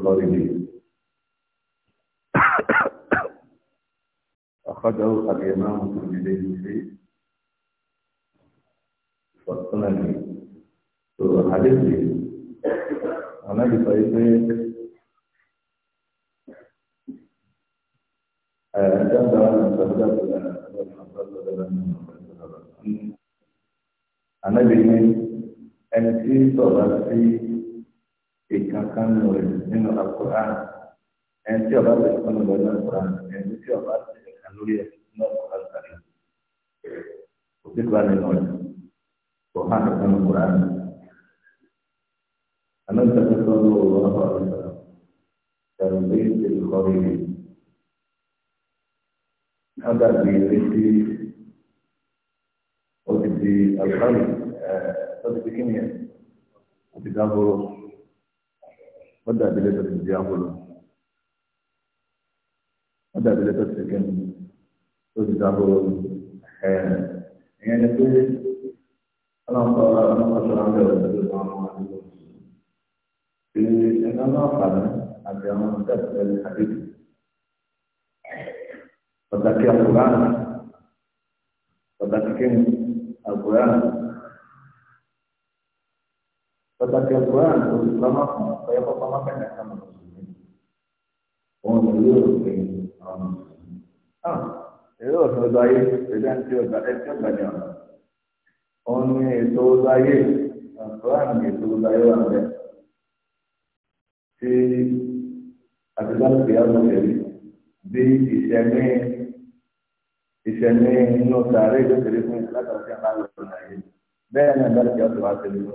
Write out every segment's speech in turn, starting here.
الضاربين أخذه الإمام الترمذي في في الحديث أنا بطريقة آه، أجاب عن الزهدات أنا بين أنتي صلاتي ìkankan nù rẹ̀ nínú àkùrán ẹni tí ọba bẹ̀rẹ̀ fún ọgbẹ́ náà kùrán ẹni tí ọba bẹ̀rẹ̀ kan lórí ẹ̀ náà kùrán kàrí kò sí kùrán nínú rẹ̀ kò hàn kankan nù kùrán. أنا تذكر الله أكبر تربية الخريف هذا بيريتي وتبدي الخريف تبدي كيمياء وتبدي غروب ó dàbí lẹ́tọ̀ sí ìdí àbúrò ó dàbí lẹ́tọ̀ sí kẹ́mi tó ti dábòrò ẹ̀ ẹ̀yẹn ni pé ọlọ́pàá ọlọ́pàá sọ̀rọ̀ ń bẹ̀rẹ̀ pẹ̀lú àwọn àdúgbò ṣe ẹ̀ka náà padà àti àwọn ìdásílẹ̀ àdébù pàtàkì àkùrá pàtàkì kẹ́mi àkùrá. Tetapi Al-Quran saya pertama kan pemahaman akan muslimin. Oh, itu penting. Ah, itu sebagai dengan juga itu banyak. Ah, oh, itu sebagai Al-Quran itu sebagai orang Si Abdullah dia menjadi di isyane isyane no sare ke terus mengalah kerja lalu lain. Dan ada yang terjadi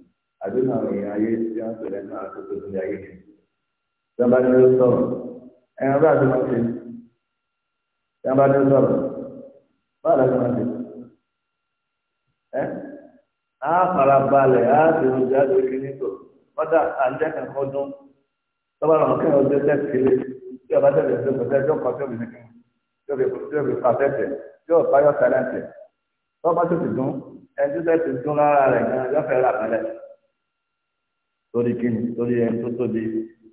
àdúrà àwọn èèyàn ayé tí wọ́n pè lẹ́nu àkókò tó ayé yẹn ìjọba ni ó sọ̀rọ̀ ẹ̀yàn bá ti máa ṣe ìjọba ni ó sọ̀rọ̀ báwo la ti máa ṣe ẹ́ á fara balẹ̀ á ti rò jáde orí nítò kọ́dà àǹjẹ́ kan kọ́dún tọ́ba lọ́mọ kí wọ́n tẹ́tẹ́ kéle tí ọba tẹ̀lé tó kọ́ tẹ́jọ́ kan tó bìnrin kan tó fi tó fi pa tẹ́tẹ́ tí ọba yọ sálẹ̀ tẹ̀ tọ́ba tó ti dún ẹni tó tẹ́ ti dún lára rẹ̀ gan yọ fẹ́ lórí kíni lórí ẹni tó tóbi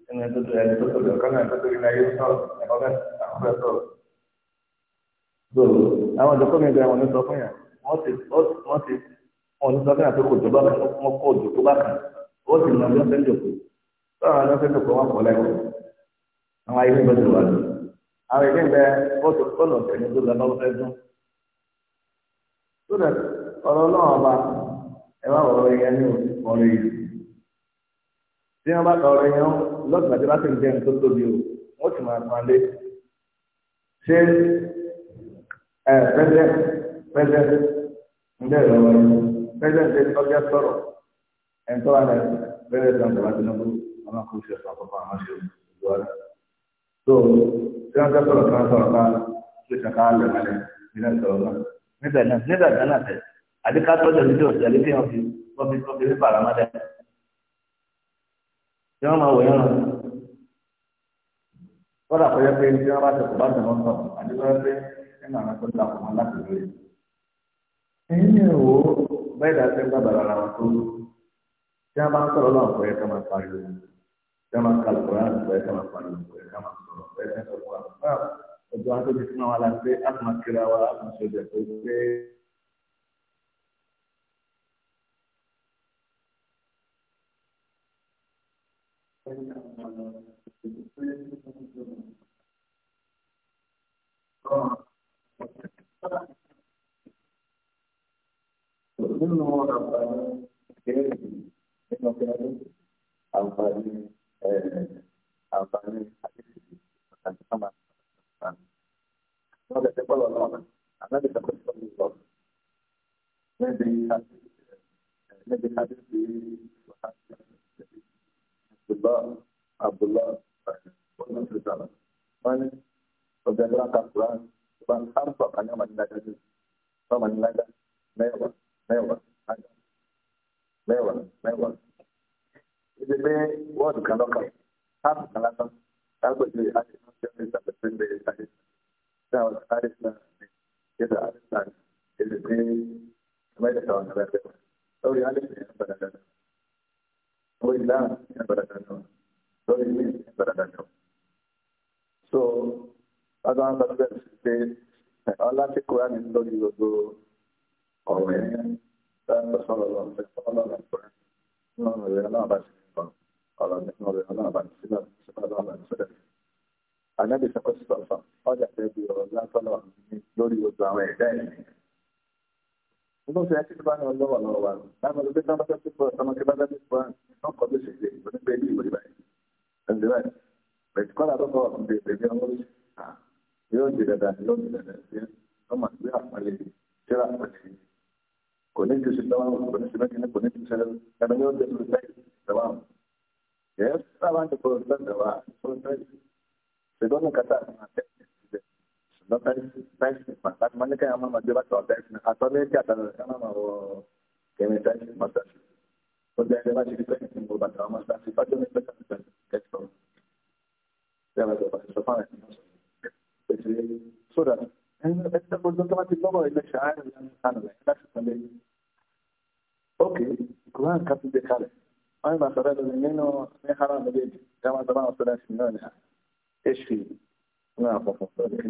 ẹni tó tóbi ẹni tó tóbi ọ̀kan náà tó tóbi náà yóò sọ̀rọ̀ ẹ̀kọ́ bẹ́ẹ̀ àwọn bẹ́ẹ̀ sọ̀rọ̀. so àwọn ìjọkọ́ mi gba àwọn oníṣọ́ fún yàn wọ́n ti wọ́n ti wọ́n oníṣọ́ fún yàn tó kò jọ bá wọn kó jò tó bá kàn ó sì mọ ọjọ́ fẹ́ẹ́ jòkó báwọn ọjọ́ fẹ́ẹ́ jòkó wọn kọ̀ lẹ́kọ̀ọ́ àwọn ayé nígbà tó wà lọ àwọn ìdí ìgbẹ́ kóòtù kóòtù ọ̀sẹ̀ ní tó lọ́wọ́ fẹ́ dún. so that ọ̀rọ̀ náà ọba ẹ má tí wọ́n bá ọ̀rọ̀ yẹn lọ́sùn àti láti jẹ́ ní tó tóbi o wọ́n sì máa pàdé ṣé ẹ pẹ́sẹ́ pẹ́sẹ́ ǹjẹ́ ìrọ̀rọ̀ yẹn pẹ́sẹ́ ṣe ọjọ́ sọ̀rọ̀ ẹ̀ńtọ́ wa náà bẹ́rẹ̀ sàn bàbá tinubu àwọn kò ṣe sọ àkọ́kọ́ àwọn ṣe ìjọba rẹ̀ tó tí wọ́n fẹ́ sọ̀rọ̀ tí wọ́n sọ̀rọ̀ bá ṣe kàkà lẹ̀ mọ́lẹ̀ nílẹ̀ sọ̀rọ̀ náà nígbà náà nígbà náà tẹ̀ àdìkátọ́jọ́ ní tí wọ́n máa wọ̀ yẹn lọ. Kọ́dà kọ́ yẹ pé tí wọ́n bá tẹ̀ kó bá tẹ̀ lọ́tọ̀ àdúgbò yẹ pé nínú àwọn tó dà fún wọn láti lóye. Ẹyin ni òwò bẹ́ẹ̀ dà sí nígbà bàbá àwọn tó tí wọ́n bá ń sọ̀rọ̀ lọ́wọ́ kọ́yẹ́ ká máa pariwo tí wọ́n máa ń kalẹ̀ kọ́yẹ́ àti kọ́yẹ́ ká máa pariwo kọ́yẹ́ ká máa sọ̀rọ̀ kọ́yẹ́ ká máa sọ̀rọ̀ nínú àǹfààní ìbéèrè nínú ọgbẹ́ ayé àǹfààní àǹfààní àdéhùn àti sábà àǹfààní. wọ́n lè tẹ́kọ̀ọ́ lọ́wọ́ náà ànábì tẹ́kọ̀ọ́ sí ọdún lọ. lẹ́bi àdéhùn lẹ́bi àdéhùn àti ṣùgbọ́n abdullah ọdún tó sàmà wọn ní ọjà ńlá kan kuran ọba hamsa kanyọ manilada ní ọba manilada mẹ́wàá mẹ́wàá mẹ́wàá mẹ́wàá ibi pé wọ́ọ̀dù kan lọ́kàn hamsa kan lásán lágbègbè àdéhùn tí wọ́n ti sàbẹ̀sẹ̀ lé àdéhùn tí wọ́n ti àdéhùn yẹ́sà àdéhùn ibi pé ẹ̀mẹ́tẹ̀ẹ̀ta ọ̀nà rẹ̀ fẹ́ lórí àdéhùn yẹn ń padà dáadáa. Hoy la embarazada. Hoy la embarazada. So, Adam Bakr said, Allah said Quran in the Lord go or when that person Allah said Allah and Quran. No, no, they are not about it. Allah said no, they are not about it. Allah said Allah said it. Anabi sọ pé sọ̀rọ̀ fún ọjà lórí gbogbo àwọn ẹ̀dá ẹ̀mí. Entonces, aquí te van a lo valorado. Vamos a ver cómo se puede, cómo se puede hacer, no puede ser, no puede ser, no puede ser. Entonces, pues cuál es lo que te digo, ah, yo te da, yo te da, toma, ya, vale, ya, vale. Con esto se estaba, con esto se tiene, con esto se la mayor de los países, estaba. Ya estaban de por tanto, va, son tres no science science master mana kan amma ma jaba to science na ato ne ka tan kana ma o ke me science master ko da da ba shi ko ne ko ba ta ma sa si fato ne ka tan ka to da ba ba so fa ne so da en esta por tanto ma ti lo ba ina sha'ar ya kana da ka ta ne okay kuran ka ti de kale ai ma sara da ne no ne haram da ne kama da ba sara shi ne ne اشفي náà wa ní bẹ́ẹ̀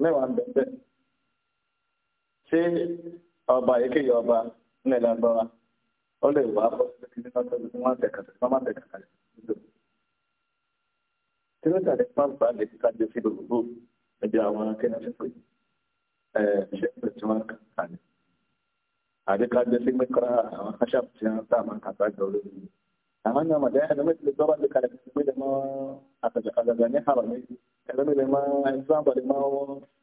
mẹ́wàá bẹ́ẹ̀ ṣé ọba èkéyìí ọba nílẹ̀ lágbára ó lè wá bọ́ sí kí nínú ọjọ́ tí wọ́n tẹ̀ka tí wọ́n má tẹ̀ka kalẹ̀ tí gbogbo ẹjọ́ àwọn akẹ́nà ti pè é hanya ma da mai da zaman da kada kuma da ma a ta ga ga ne harame kada mai da ma exam ba da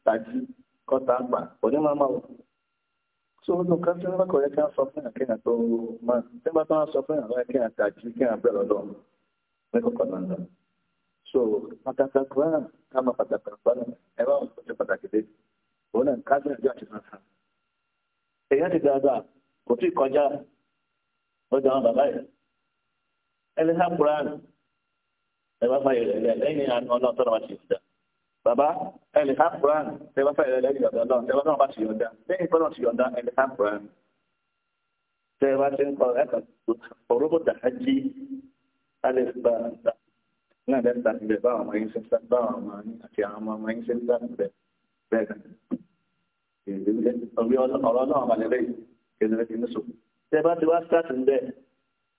taji ko ta ba so no kan tun ba ko ya kan so fún akin to àwọn akin taji kin a belo do me ko so mata ta kwa kama pata ta kwa e ba ko te pata kide ona kan ja ti na sa e ya ti da da ẹni sá Quran ẹ bá fàyè rẹ lẹ́yìn àánú Ọlọ́run tọrọ wa ṣe ìdá bàbá ẹni sá Quran ẹ bá fàyè rẹ lẹ́yìn ọ̀dọ̀ Ọlọ́run tẹ bá tọrọ wa ṣe yọ̀ǹda lẹ́yìn tọrọ ṣe yọ̀ǹda ẹni sá Quran tẹ bá ṣe ń kọ ẹ kàn orúkọ dàájí alẹ gba náà lẹ ta ibẹ̀ báwọn ọmọ yín ṣe ń ta báwọn ọmọ yín àti àwọn ọmọ yín ṣe ń ta ibẹ̀ bẹ́ẹ̀ kan ọ̀rọ̀ Ọlọ́run balẹ̀ kẹsìlẹ ti ní so tẹ bá ti wá sáà ń bẹ́ẹ̀.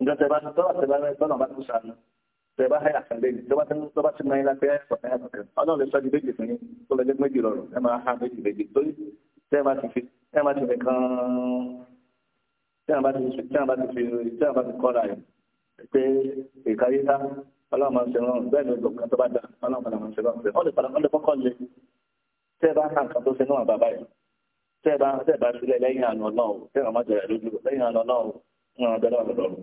nǹkan tẹ bá tọ́ àti bá tọ́nà bá tó sànù tẹ bá háyà kan léyìn tọ́ba tọ́ba ti náyìn lápẹ́ ọ̀kan yàtọ̀ kan ọlọ́run lè sọ́jú méjì fún yín tó lè jẹ́ méjì rọrùn ẹ máa há méjì méjì torí tẹ́ ẹ bá ti fi tẹ́ ẹ bá ti fi kan tẹ́ ẹ bá ti fi tẹ́ ẹ bá ti fi tẹ́ ẹ bá ti kọ́ra yìí pé ìkáyé ká ọlọ́run máa ń ṣe rọrùn bẹ́ẹ̀ ni ojú kan tó bá dá ọlọ́run padà máa ń ṣe rọrùn pé ọ̀lẹ́ padà ọ̀lẹ́ kọ́kọ́ le tẹ́ ẹ bá ká nǹkan tó ṣe níwọ̀n bàbá yìí tẹ́ ẹ bá tẹ́ ẹ bá sílẹ̀ lẹ́yìn àná ọlọ́run tẹ́ ẹ bá má jẹ̀rẹ̀ lójú lẹ́yìn àná ọlọ́run ń ràn bẹ́ẹ̀ lọ́rùn lọ́rùn.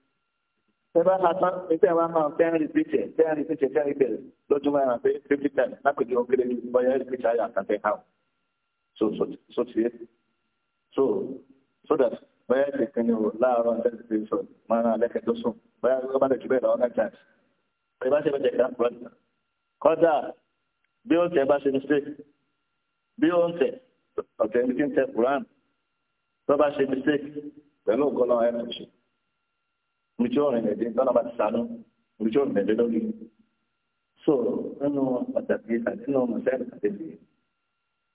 tẹ bá máa tán ẹgbẹ́ àwọn máa ten repeated ten repeated ten repeated lójúmọ́ ẹ̀ràn pé fifty times lápèjì ó kéré ní bọ́yá repeat ayé àtàtẹ̀ ká so so so tiẹ̀ so so that bọ́yá ti pinnu láàárọ̀ ten repeated so máa rán alẹ́kẹ̀ tó sùn bọ́yá ló bá lè jù bẹ́ẹ̀ lọ hundred times ẹ bá ṣe bẹ́ẹ̀ jẹ́ ká bọ́ọ̀lù kọ́dà bí ó tẹ̀ bá ṣe mistake bí ó ń tẹ̀ ọ̀tẹ̀ ní kí n tẹ̀ Quran tó bá ṣe mistake pẹ̀lú ògbọ́n náà ẹ̀ orí tí ó rìn lẹ́dẹ́ tọ́lá bá ti sànú orí tí ó lórí. so nínú pàtàkì àti nínú mọ̀sẹ́ẹ̀lì àtẹ̀sí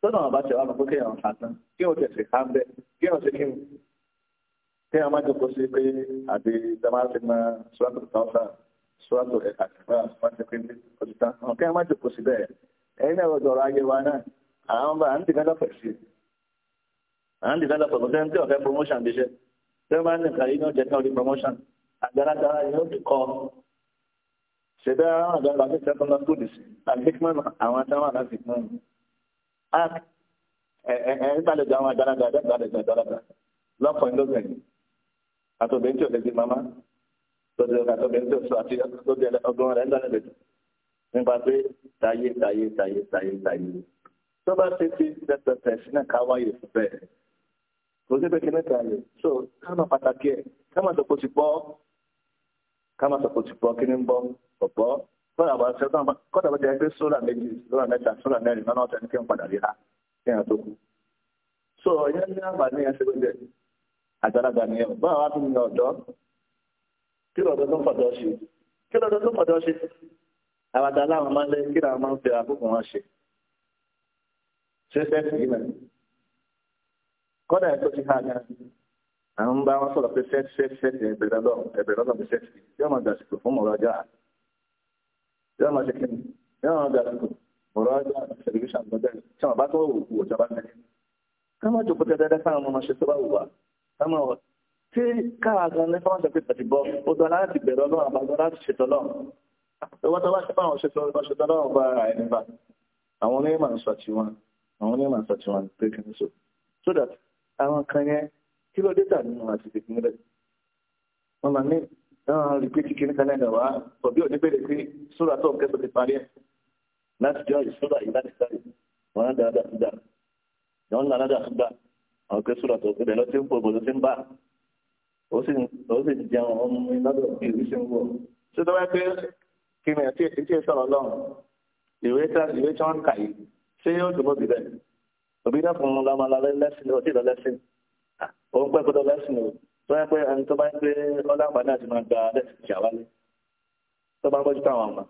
tọ́lá wọn bá ti wá lọ fún kéèyàn àtàn kí wọ́n tẹ̀sí ká ń bẹ́ kí wọ́n ti kí wọ́n kí wọ́n má jókòó sí pé àti tamasi ma sọ́tò tọ́sà sọ́tò ẹ̀ka ìgbà wọ́n ti pín òtítà kí wọ́n má jókòó sí bẹ́ẹ̀ ẹ̀yin náà lọ́dọ̀ promotion bí iṣẹ́ tí wọ́n bá ń di promotion àgbàlagbàlà yóò ti kọ́ ṣẹ̀dá àwọn àgbàlagbà ní secondary school dis àfikún àwọn atáwọn aláfi náà ni ak ẹ ẹ ẹ nígbàlejò àwọn àgbàlagbà àgbàlagbà àgbàlagbà lọ́kọ̀ ńlọ́gbẹ̀ẹ́ àtọ̀bẹ̀ tí ò lè di mama lọ́dọ̀ àtọ̀bẹ̀ tí ò sọ àti ọgbọ́n rẹ̀ ńlọ́gbẹ̀ẹ́ nípa pé tayé tayé tayé tayé tayé tó bá ṣe ti tẹ̀tẹ̀tẹ̀ sínú káwáyé fún bẹ́ẹ̀ kò sí pé kí ní tayé so ká káma sọ pé o ti gbọ́ káma sọ pé o ti gbọ́ kí ni ń bọ́ ọ̀gbọ́ kọ́dà bá ṣe tán kọ́dà bá jẹ́ pé sólà méjì sólà mẹ́ta sólà mẹ́rin lọ́nà ọ̀tẹ̀ ní kí n padà rí ha kí n tó kú. so ìyẹn ní àǹfààní ẹ̀ ṣe ló jẹ àgbàlagbà ni ẹ̀ báwa wá tún ní ọ̀dọ́ kí lọ́dọ̀ tó fọ̀dọ̀ ṣe kí lọ́dọ̀ tó fọ̀dọ̀ ṣe àwọn àtàlà àwọn máa ń lé kí làwọn máa ń fi àkókò wọn ṣe ṣe sẹ́ẹ̀sì yìí mẹ́rin kọ́dà à ń bá wọn sọ̀rọ̀ pé sẹ́ẹ̀tì sẹ́ẹ̀tì sẹ́ẹ̀tì ẹ̀bẹ̀rẹ̀ lọ ẹ̀bẹ̀rẹ̀ lọ bẹ̀ sẹ́ẹ̀tì yóò máa dàsìkò fún ọ̀rọ̀ ajá yóò máa ṣe kí ni yóò máa dàsìkò ọ̀rọ̀ ajá tẹlifíṣàn lọ́jọ́ yìí tí wọ́n bá tó wò wò tí wọ́n bá tẹ̀lé. ká má jòkó tẹ́tẹ́tẹ́ fáwọn ọmọ ṣe tó bá wù wá ká má wọ tí káàkiri ní fáwọn ṣe pé tàbí bọ́ ó dọ́ láti bẹ̀rẹ̀ ọlọ́run àbájọ́ láti ṣètò kí ló dé tà nínú àṣìṣe fún rẹ̀ wọ́n máa ní náà rí pé kíkiri kan náà wá tọ̀bí ò ní bèrè pé sóra tó ń kẹ́sọ̀ ti parí ẹ̀ láti jọ ìṣúra yìí láti sáré wọn á dáadáa tó dáa ìwọ́n ń dáadáa tó dáa àwọn kẹ́ sóra tó kẹ́bẹ̀ lọ́tí ń pọ̀ bọ̀ lọ́tí ń bá ó sì ń jẹun ọmọ mi lọ́dọ̀ bí ìwé ṣe ń wọ̀ ṣé tó bá pé kí ni àti ètí ẹ̀ sọ̀rọ̀ lọ́rùn ìwé tí wọ́n ń kà yìí ṣé yóò dùn mọ́ bìbẹ̀ òbí náà fún un lọ́mọ òun pẹ́ gbọ́dọ̀ lẹ́sìn o tó yẹ pé ẹni tó bá ń gbé ọlọ́pàá náà ti máa gba lẹ́sìn ìṣàwálé tó bá ń bójú táwọn ọmọ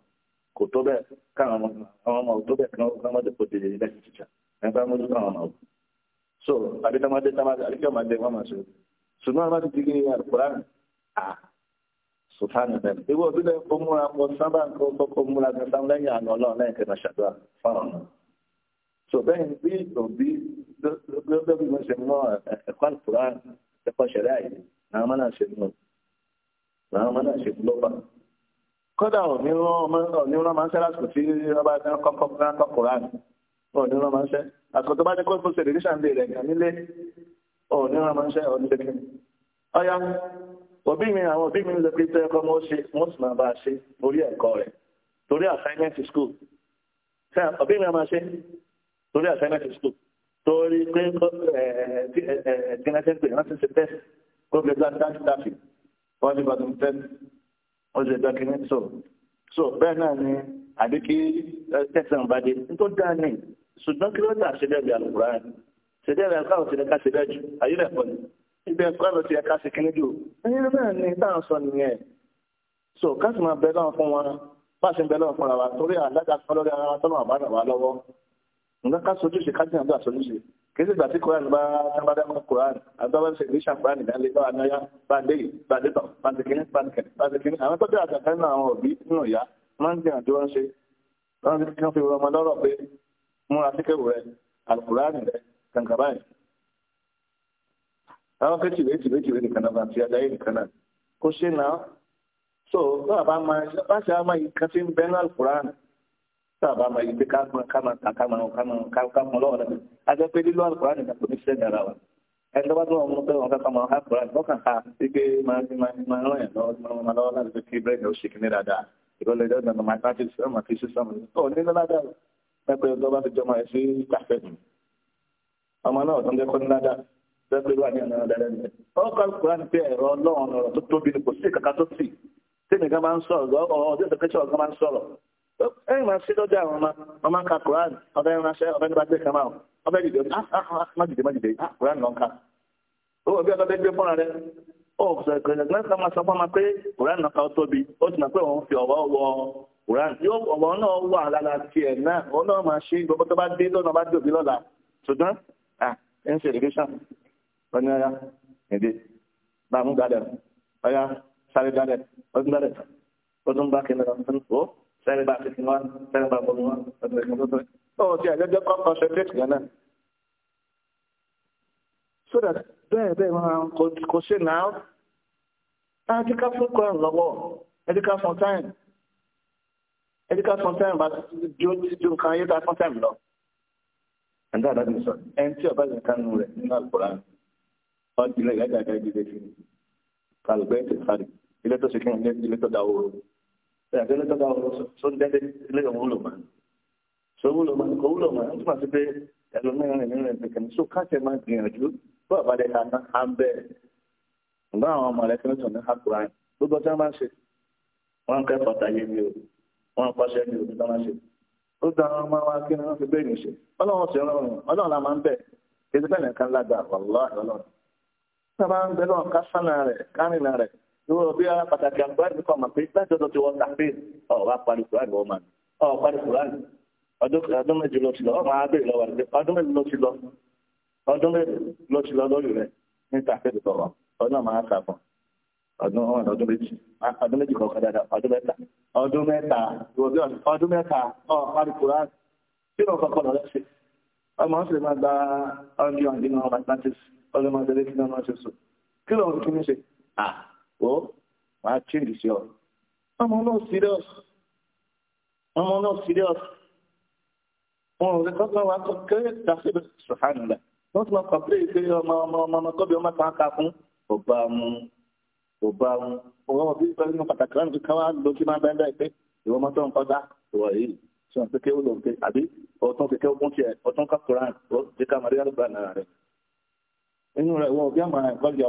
kò tó bẹ́ẹ̀ káwọn ọmọ àwọn ọmọ tó bẹ́ẹ̀ lẹ́sìn ẹni bá ń ọmọ so àbídọ́mọdé àbídọ́mọdé wọn máa ṣe ṣùgbọ́n àwọn ti digi a òbí kó múra kó sábà kó kó múra àná ṣàdúrà fáwọn so bí òbí lọ́gbẹ́ bí wọ́n ṣe mọ́ ẹ̀kọ́ àlùkùrá ẹ̀kọ́ ṣẹ̀rẹ́ àyè làwọn máa ń ṣe mọ́ làwọn máa ń ṣe lọ́ba. kódà onírọ́ máa ń ṣe lásìkò tí ọba kọ́kọ́ kọ́ra ni onírọ́ máa ń ṣe àsìkò tó bá ní kóso ṣe lèdí ṣàǹdè rẹ̀ kàn nílé onírọ́ máa ń ṣe oníṣẹ́ kí ọ̀ya òbí mi àwọn òbí mi ń lọ pé tó ẹ̀kọ́ mọ́ ṣe wọ́n sì máa bá a ṣe torí ẹ̀kọ́ rẹ̀ torí torí pé ẹ̀ẹ́dínlẹ́sẹ̀ pé wọ́n ti ṣe tẹ́sì kó fi gba dáńtì dáfì wọ́n ti gbàdùn tẹ́sì wọ́n ti gba kìíní sọ. so bẹ́ẹ̀ náà ni àbí kí tẹ̀sán bá dé nítorí dáa ní ṣùgbọ́n kí ló dà ṣe dẹ́bi àlùkùrá rẹ̀ ṣe dẹ́bi àlùkùrá òsì ẹ̀ka ṣe dẹ́jù ayé rẹ̀ pọ̀ ní ibi ẹ̀kọ́ àlọ́ ti ẹ̀ka ṣe kíní jù ẹ̀yìn náà ni dáhùn sọ nìyẹn so káṣí máa bẹ lọ́wọ́ fún wọn bá ṣe ń bẹ lọ́wọ́ fún wa torí àdájà kọ́ lórí ara wa tọ́lọ́ àbá nǹkan ká sojúṣe ká jìnnà gbà sojúṣe kìí ṣègbà tí koran bá sábà dá mọ koran àbábá ṣe ìgbésà koran ìdálé bá anáyá bá dé bá dé tán bá tẹkẹrẹ bá tẹkẹrẹ bá tẹkẹrẹ àwọn tó dé àtàkà nínú àwọn òbí nínú ìyá máa ń gbìyànjú wọn ṣe wọn fi kí wọn fi rọ ọmọ lọ́rọ̀ pé múra síkẹwò rẹ alukuran rẹ kankan báyìí. àwọn kẹ́ tìwé tìwé tìwé nìkan náà àti adáyé nìkan náà kó ṣe náà so bá a bá máa bá ṣe á máa yí sábà máa yí pé ká máa ká máa ká máa ká máa ká ká máa lọ́wọ́ lẹ́nu àjọ pé lílo alukóran nìkan kò ní ṣe dára wa ẹni tó bá tún ọmọ pé wọn ká máa ká kóran tó kàn ká sí pé máa máa máa ràn yàn lọ́wọ́ máa lọ́wọ́ láti fi kí bẹ́ẹ̀ ṣe kí ní dáadáa ìrọ̀lẹ́ ìjọba náà máa káàkiri sí ọmọ kí ṣe sọmọ ọ ní lọ́dà pẹ́pẹ́ ọjọ́ bá fi jọmọ ẹ̀ sí kàfẹ́ ọmọ náà tó ń jẹ́kọ́ ní ládà pẹ́pẹ́ wà ní ọ̀nà dáadáa ní ẹ̀ ọkọ̀ alukóran pé ẹ̀rọ ọlọ́run ọ̀rọ̀ tó tóbi ni kò sí máa ń ẹ̀yìn máa ṣe lọ́jọ́ àwọn ọmọ ọmọ ka quran ọbẹ̀ ránṣẹ́ ọbẹ̀ nípa gbé kama ọbẹ̀ dìde ah, ah, ah, má dìde má dìde quran lọ́n ka ó wọ bí ọbẹ̀ bẹ́ẹ̀ gbé fúnra rẹ ó sọ ìkọ̀lẹ̀ náà ká máa sọ fún ọmọ pé quran náà ká ó tóbi ó ti nà pé òun fi ọ̀wọ́ wọ quran yóò ọ̀wọ́ náà wà lára tiẹ̀ náà òun náà máa ṣe gbogbo tó bá dé lọ́nà bá dé òbí lọ́la ṣùgbọ́n à ń ṣe education ọ̀nà ọ̀yà èdè bàmú gàdẹ̀ ọ̀yà sáré gàdẹ̀ ọdún gàdẹ̀ sẹ́ni bá fífi wọn sẹ́ni bá bọ̀mù wọn ọ̀sẹ̀ ìgbàlódé ọ̀hún ti àjẹjẹ kọ́ concentrate yẹn náà so that bẹ́ẹ̀ bẹ́ẹ̀ máa kò ṣe náà náà ti ká fún kọ́ọ̀n lọ́wọ́ ẹ̀dí ká fún time ẹ̀dí ká fún time bá jó ju nǹkan ayé ká fún time lọ. ẹ̀dá àdá mi sọ ẹni tí ọba ẹ̀gbẹ́ ló tọ́ka ọ̀rọ̀ tó ń dẹ́gbẹ́ ilé ọ̀hún wúlò máa ń so wúlò máa ń kó wúlò máa ń túmọ̀ sí pé ẹlòmíràn ìmíràn ìpèkè ní so káṣẹ máa gbìyànjú bó àbádẹ ká ná á ń bẹ́ẹ̀ ǹgbọ́n àwọn ọmọ rẹ fẹ́ràn ní àkùrá yìí gbogbo tí wọ́n máa ń ṣe wọ́n kẹ́kọ̀ọ́ tàyé mi o wọ́n kọ́ṣẹ́ mi ò ní tán máa ṣe ó gba àwọn ọmọ wa kí wọ́n fi bẹ́ẹ̀ níṣe ọlọ́run sì rọrùn ọlọ́run lórí ọbẹ̀ pàtàkì àgbáyé mi kọ́ mà pé láti ọ̀dọ̀ tí wọ́n ta pé ọ̀ wá parí kúránì wọ́n mà ní ọ̀ parí kúránì ọdún méjì ló ti lọ aduk abẹ́ ìlọ́wà rẹ̀ ọdún méjì ló ti lọ ọdún méjì ló ti lọ aduk rẹ̀ ní tàfẹ́ ìtọ̀ wọn ọdún àmọ́ ada ọdún ọ̀nà ọdún méjì ọdún méjì kọ̀ọ̀kan dáadáa ọdún mẹ́ta ọdún mẹ́ta ìwọ̀bí ọdún mẹ́ta ọ̀ parí kúránì tí wọ́n kọ́kọ́ lọ lẹ́sẹ̀ ọmọ ọ̀sẹ̀ máa gba ọdún ọdún mathematics ọdún mathematics kí ló ń kí ní ṣe ah, ó máa change sí ọ ọmọ náà serious ọmọ náà serious wọn ò lè kọ́kọ́ wa kọ́ kéré dàsíbẹ̀ sùhánilẹ̀ wọ́n ti máa kọ̀pẹ́ ìpè ọmọ ọmọ ọmọ ọmọ kọ́bí ọmọ kan ká fún ọba mu ọba mu ọwọ́ wọn bí pẹ́lú pàtàkì láti káwá lójú máa bẹ́ẹ̀ bẹ́ẹ̀ pé ìwọ́n mọ́tò ń kọ́dá ìwọ̀ yìí tí wọ́n kékeré lò pé àbí ọ̀tún kékeré ogún tiẹ̀ ọ̀tún ká koran ó ká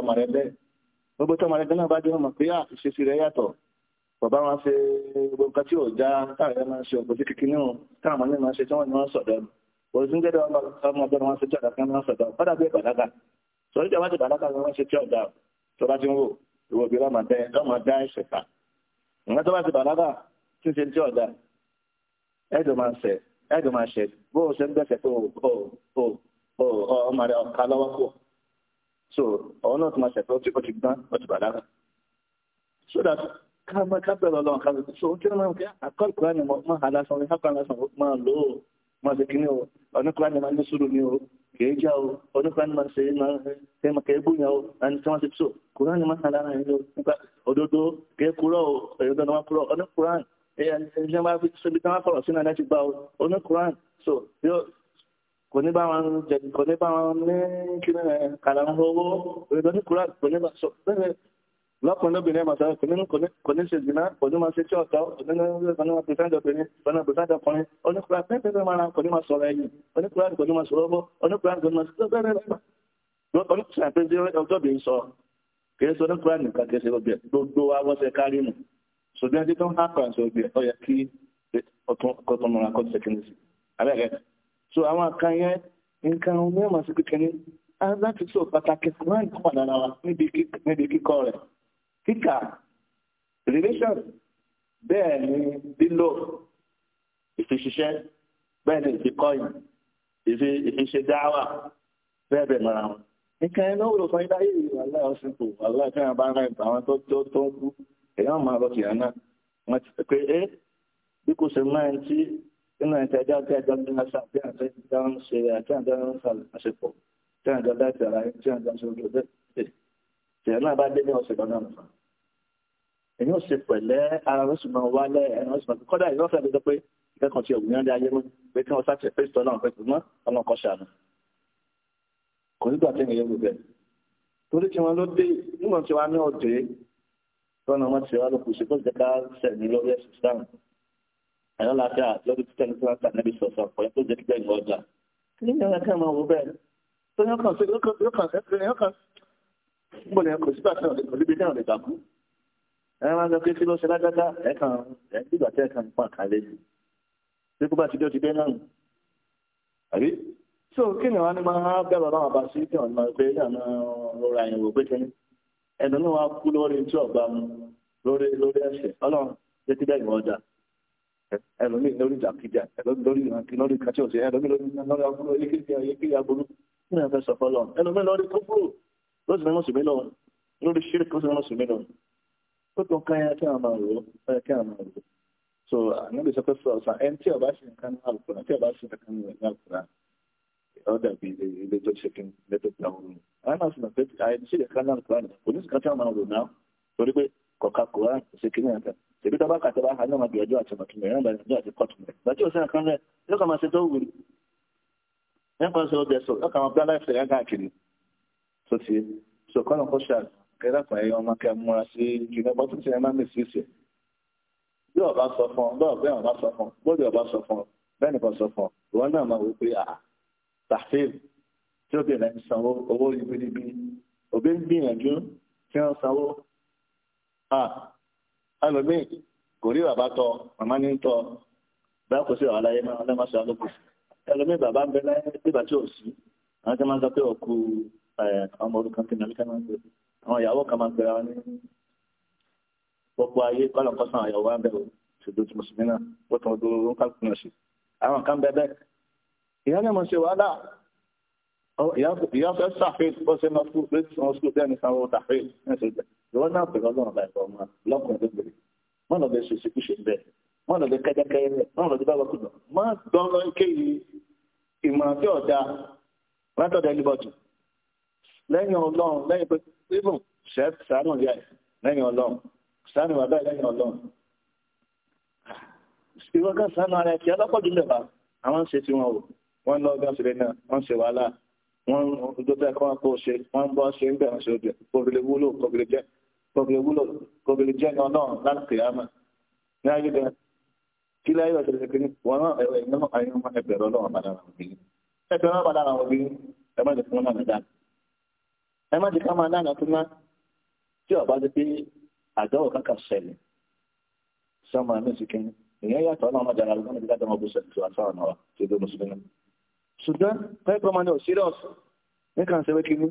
màrí gbogbo tó ọmọdé náà bá dé ọmọ pé àṣìṣe ah, rẹ̀ yàtọ̀ bàbá wọn ṣe gbogbo nǹkan tí ò já máa ń ṣe ọgbọ̀n sí kékeré náà ní máa ń ṣe tí wọ́n ní wọ́n sọ̀dọ̀ jẹ́dọ̀ ọmọdé wọn ṣe tí ọ̀dà kan máa sọ̀dọ̀ padà bí ìbàdàgà sọ̀rọ̀ ìjọba ti ṣe tí ọ̀dà tó bá ti ń wò ìwò bí so ọ̀hún náà tó máa ṣẹ̀fẹ́ tí ó gbọ́n ó ti so that ká máa ká bẹ̀rẹ̀ ọlọ́run ká bẹ̀rẹ̀ so ó kí ló máa ń kẹ́ àkọ́lù kúrẹ́ ni máa hà lásán ní máa lò ó máa ṣe kíní o ọ̀nìkúrẹ́ ni máa ní sùúrù ni o kìí já o ọ̀nìkúrẹ́ ni máa ṣe máa ṣe máa kẹ́ẹ́ bóyá o ẹni tí wọ́n ti so kúrẹ́ ni máa hà lára yẹn o nípa òdodo kẹ́ẹ́ kúrọ́ o òdodo ni wọ́n kúrọ́ ọ̀nìkúrẹ́ ẹni tí wọ́n bá fi kò ní bá wọn jẹ kò ní bá wọn ní kí ní kàlàmù owó òyìnbó ní kúrò kò ní bá sọ bẹ́ẹ̀ lọ́kùnrin lóbìnrin ẹ̀mọ̀ sọ̀rọ̀ kò ní ṣe jìnnà kò ní máa ṣe tí ọ̀tọ̀ kò ní máa pèsè ọ̀dọ̀bìnrin kò ní pèsè ọ̀dọ̀kùnrin oníkùrà pẹ́ẹ́pẹ́ẹ́ máa ra kò ní máa sọ̀rọ̀ ẹ̀yìn oníkùrà kò ní máa sọ̀rọ̀ ọgbọ́ oníkùrà kò ní máa sọ̀rọ̀ bẹ́ẹ̀ lọ́gbà oníkùrà pé ọjọ́bìnrin sọ kìí sọ oníkùrà nìkan kìí ṣe gbogbo gbogbo awọ́sẹ̀ kárí nù ṣùgbọ́n ẹni tó ń hápà sọ̀gbẹ̀ ọ yẹ kí ọtún kọ́tún mọ́ra kọ́tún ṣe kí so àwọn kan yẹn nǹkan ní ọmọ sí kékeré láti tó pàtàkì máa ń pọ̀ lára wa níbi kíkọ rẹ̀ kíkà relation bẹ́ẹ̀ ni lílo ìfiṣiṣẹ́ bẹ́ẹ̀ ni ìfikọ́yìn ìfiṣe dáwà bẹ́ẹ̀ bẹ́ẹ̀ mọ́ra wọn. nǹkan ẹ̀ náà wúlò fún yín láyé ìwà aláwọ̀ sípò aláwọ̀ tí wọ́n bá rẹ̀ bá wọn tó tó tó ń kú èèyàn máa lọ kìlá náà wọ́n ti pé ẹ́ bí kò ṣe máa ń tí nínú ìtajà tí a jọ ń tí a jọ ń ṣe rẹ̀ tí a ń fa àṣepọ̀ tí a jọ dá ìtara tí a ń ṣe ojú ọjọ́ ìṣẹ̀lẹ̀ náà bá dé ní ọ̀sẹ̀ lọ́nà nìfà. èyí ò ṣe pẹ̀lẹ́ ara rẹ̀ sì máa wálẹ̀ ẹ̀rọ sì máa kọ́dà ìlú ọ̀fẹ́ àdójọ pé ìkẹ́kọ̀ọ́ ti ògùn yánjẹ ayé pé kí wọ́n sáṣẹ pé ìtọ́ náà pé ọmọ kan ṣàánú. kò nígbà tí èèyàn rúbẹ̀ torí tí wọn ló dé nígbà tí wọn ní ọ̀dẹ́ tọ́nà wọn ti wá lókùn sí kó ìjẹ́ká sẹ̀mí lórí ẹ̀sìn sáà ẹ̀rọ láfíà lọ́dún tí tẹ́lẹ̀ tí wọ́n gbà níbi sọ̀sọ̀ ọ̀pọ̀ yẹn tó jẹ́ kíkẹ́ ìwọ̀n ọjà ní ìyára kẹ́ máa wò bẹ́ẹ̀ tó yọ kàn sí yọ kàn sí yọ kàn gbọ́n ní ẹ̀kọ́ síbà tẹ̀ ọ̀lẹ́ níbi náà lè gbà kú ẹ̀rọ máa sọ pé kí ló ṣe lágbádá ẹ̀ kàn ẹ̀ nígbà tẹ́ ẹ̀ kàn pa àkàlẹ́ sí bí kó bá ti dé ó ti dé náà àbí so kí ni wọn ní máa bẹ bàbá wọn bá sí kí wọn máa gbé ìyànà rọra yẹn wò pé kí ni ẹnu náà wá kú lórí tí ọba mu lórí lórí ẹsẹ̀ Ọlọ́run títí bẹ́ẹ̀ ni wọn dáa ẹlòmíì lórí ìjàkíjà ẹlòmíì lórí ìrántí lórí kàtí òsè ẹlòmíì lórí lórí agbóró elékéjì ayékéjì agbóró nínú ẹfẹ sọfọ lọ ẹlòmíì lórí kókóró lóṣù ní mùsùlùmí lọ lórí ṣírìkì lóṣù ní mùsùlùmí lọ ó tún ká yá kí àwọn máa rò ó kí àwọn máa rò ó so ànábì sọ pé sọ ọsàn ẹn tí ọba ṣe nǹkan ní àlùkùrà tí ọba ṣe nǹkan ní àlùkùrà ó dàbí ilé tó ṣe kí ilé tó gbà wọn àwọn náà sì mọ̀ pé àìsí ìkànnì àlùkùrà nìkan kò ní sì tẹbi tọba kàtẹ bá hàn náà máa gbìyànjú àti ọmọtún rẹ náà gbìyànjú àti kọtù rẹ gbàtí òsín àkàn rẹ yóò kà máa ṣe tó wù ní nípa ṣe ọdẹ sọ yóò kà máa bí aláìsàn yá káàkiri tó ti so kọ́nà kó ṣe àkẹ́dàpọ̀ ẹ̀yọ ọmọ kẹ́ múra sí jùlọ bọ́tú tí ẹ máa mí sí ìṣẹ̀ bí ọba sọ fún ọ bọ́ọ̀ bẹ́ẹ̀ ọba sọ fún ọ bóde ọba sọ fún ọ bẹ́ẹ̀ nìkan sọ fún ọ ìwọ náà máa wò pé àà ah, tàfíìm tí ó bẹ̀rẹ̀ ń sanwó owó ibi níbi òbí ń gbìyànjú tí wọ́n sanwó ah, ẹlòmíì kò rí bàbá tọ màmá ní tọ bá kò sí ọ̀hún aláyé máa lọ́mọ sọ àlọ́kù ẹlòmíì bàbá ń bẹ láyé nígbà tí ò sí àwọn tí wọ́n sọ pé òkú ọmọ orúkọ kí nàlíkà máa ń gbé àwọn ìyàwó kan máa ń gbéra wọn ní gbogbo ayé kọ́lọ̀ kọ́sàn àyàwó wa ń bẹ̀rù ṣètò tí mùsùlùmí náà ó tàn ó dúró kálukú náà ṣe àwọn kan bẹ bẹ́ẹ̀ ìyá náà mọ̀ ṣe wàhálà ìyá fẹ́ sàfihàn bó ṣe máa fún lóṣù tí bẹ́ẹ̀ ní sanwó tàfihàn ní ìṣèjọba ìwọ náà pè lọ́lọ́run bá ẹ̀fọ́ ọmọ lọ́kùnrin tó gbèrè má lọ bẹ ṣèṣe kúṣe ń bẹ má lọ bẹ kẹ́kẹ́kẹ́ rẹ má lọ bẹ bábà kùdà má dánlọ kéyìí ìmọ̀ràn tí ọ̀dà látọ̀dọ̀ ẹnibọ̀dù lẹ́yìn ọlọ́run lẹ́yìn pé even ṣẹ́ sàánù yá ẹ̀ lẹ́yìn ọlọ́run sàánù wà bẹ́ẹ̀ lẹ́yìn ọlọ́run ìwọ kan sàánù ara ẹ̀ kí ọlọ́pọ̀jù lè bá àwọn ṣe tí wọn ò wọn lọ gán sílẹ̀ náà wọ́n ṣe wàhálà wọn ojú tó ẹ̀kọ́ wọn kó ṣe wọ́n bọ́ ṣe ń bẹ̀rẹ̀ ṣe òbí kò fi ama, kò fi wúlò kò fi jẹ́ ní ọ̀nà láti kè á mà ní ayé bẹ́ẹ̀ kí láyé ọ̀sẹ̀ ṣe kiri wọn náà ẹ̀rọ ìyẹn náà ayé wọn ẹgbẹ̀rún ọlọ́run padà àwọn obìnrin ẹgbẹ̀rún ọlọ́run padà àwọn obìnrin ẹ má ti fún náà dáná ẹ má ti ká máa dáná tó ná tí ọba ti pé àdáwò kankan ṣẹlẹ̀ sọmọ ẹni sì kiri ìyẹn yàtọ̀ ọlọ́run ọjà àlùkò ní ìdájọ́ ọmọ bùsẹ̀ tó àtọ́ ọ̀nà wa tó dé mùsùlùmí ṣùgbọ́n pẹ́ẹ́pẹ́ ọmọ náà serious nǹkan ṣe wé kiri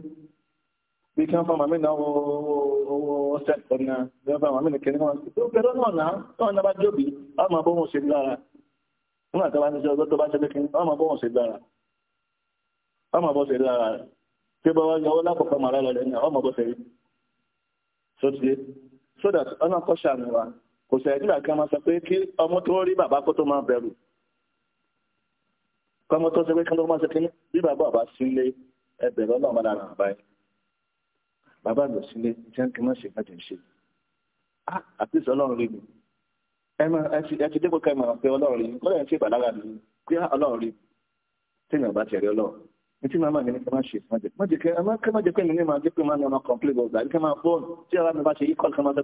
bí kí wọ́n fọ́ màmí náà owó ọ̀sẹ̀ ọ̀nà bí wọ́n fọ́ màmí náà kẹ́ni wọn tó bẹ̀rẹ̀ náà náà náà náà bá jóbi wọ́n máa bọ́ wọn ṣe lára nígbà tó bá ní sọ́dọ́ tó bá ṣe lékin wọ́n máa bọ́ wọn ṣe lára wọ́n máa bọ́ ṣe lára rẹ̀ tí bá wá yọ ọ́ lákòókò màrá lọ lẹ́yìn wọ́n máa bọ́ ṣe rí so ti so that ọ̀nà kọ́ ṣàmì wa kò sẹ̀ nígbà kan máa sọ pé kí ọmọ tó rí bàbá kó tó máa bẹ̀rù kọ́mọ tó ṣe pé kí wọ́n máa ṣe kí bí bàbá bàbá sílé ẹbẹ̀rẹ̀ ọlọ́mọdé àrà báyìí bàbá lọ sílé tí wọn kì í má ṣe bàjẹ́ ṣe àtúnṣe ọlọ́run rí mi ẹ ti dépò kẹmọ pé ọlọ́run rí mi kọ́lẹ̀ ń ṣe ìbàlára mi pé ọlọ́run rí mi téèyàn bá tẹ̀lé ọlọ́run ní tí màmá mi ní kí wọ́n ṣe má jẹ má jẹ kẹ ẹ má kẹ má jẹ pé nínú máa jẹ pé máa ní ọmọ kọ̀ǹpilé bọ̀ gbà kí máa fóònù tí ara mi bá ṣe yíkọ̀ kí wọ́n máa jẹ